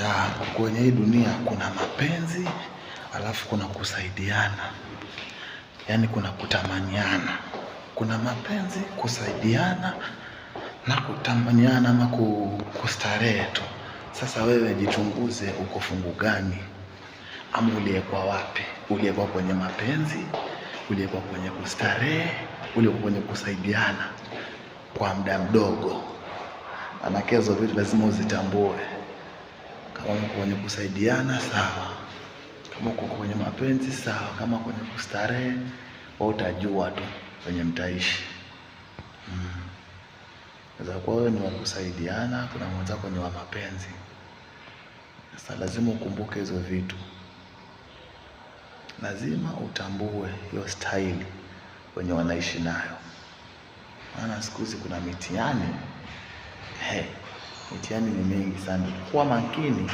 ya kwenye hii dunia kuna mapenzi alafu kuna kusaidiana, yaani kuna kutamaniana, kuna mapenzi, kusaidiana na kutamaniana ama kustarehe tu. Sasa wewe jichunguze, uko fungu gani? Ama uliyekwa wapi? uliyekwa kwenye mapenzi? uliyekwa kwenye kustarehe? Uliekwa kwenye kusaidiana kwa muda mdogo? Manake hizo vitu lazima uzitambue. Kama uko kwenye kusaidiana sawa, kama uko kwenye mapenzi sawa, kama kwenye kustarehe, wewe utajua tu kwenye mtaishi hmm. Naweza kuwa wewe ni wa kusaidiana, kuna mwenzako ni wa mapenzi. Sasa lazima ukumbuke hizo vitu, lazima utambue hiyo staili wenye wanaishi nayo, maana siku hizi kuna mitihani hey. Mitihani ni mingi sana, kuwa makini.